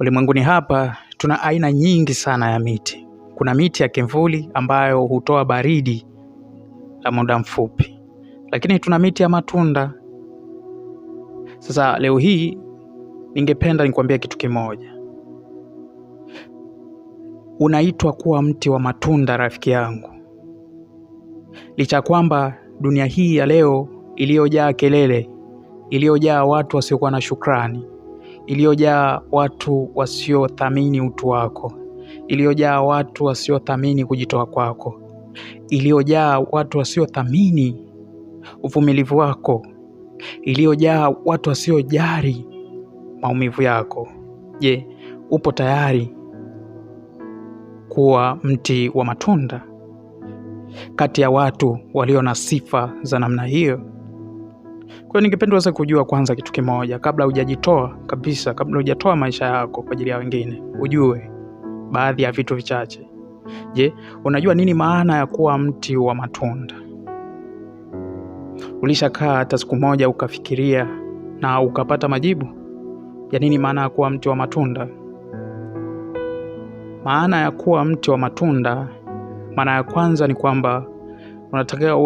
Ulimwenguni hapa tuna aina nyingi sana ya miti. Kuna miti ya kimvuli ambayo hutoa baridi la muda mfupi, lakini tuna miti ya matunda. Sasa leo hii ningependa nikuambia kitu kimoja, unaitwa kuwa mti wa matunda, rafiki yangu, licha kwamba dunia hii ya leo iliyojaa kelele, iliyojaa watu wasiokuwa na shukrani iliyojaa watu wasiothamini utu wako, iliyojaa watu wasiothamini kujitoa kwako, iliyojaa watu wasiothamini uvumilivu wako, iliyojaa watu wasiojali maumivu yako. Je, upo tayari kuwa mti wa matunda kati ya watu walio na sifa za namna hiyo? Kwa hiyo ningependa uweze kujua kwanza kitu kimoja, kabla hujajitoa kabisa, kabla hujatoa maisha yako kwa ajili ya wengine, ujue baadhi ya vitu vichache. Je, unajua nini maana ya kuwa mti wa matunda? Ulishakaa hata siku moja ukafikiria na ukapata majibu ya nini maana ya kuwa mti wa matunda? Maana ya kuwa mti wa matunda, maana ya kwanza ni kwamba unatakiwa uwe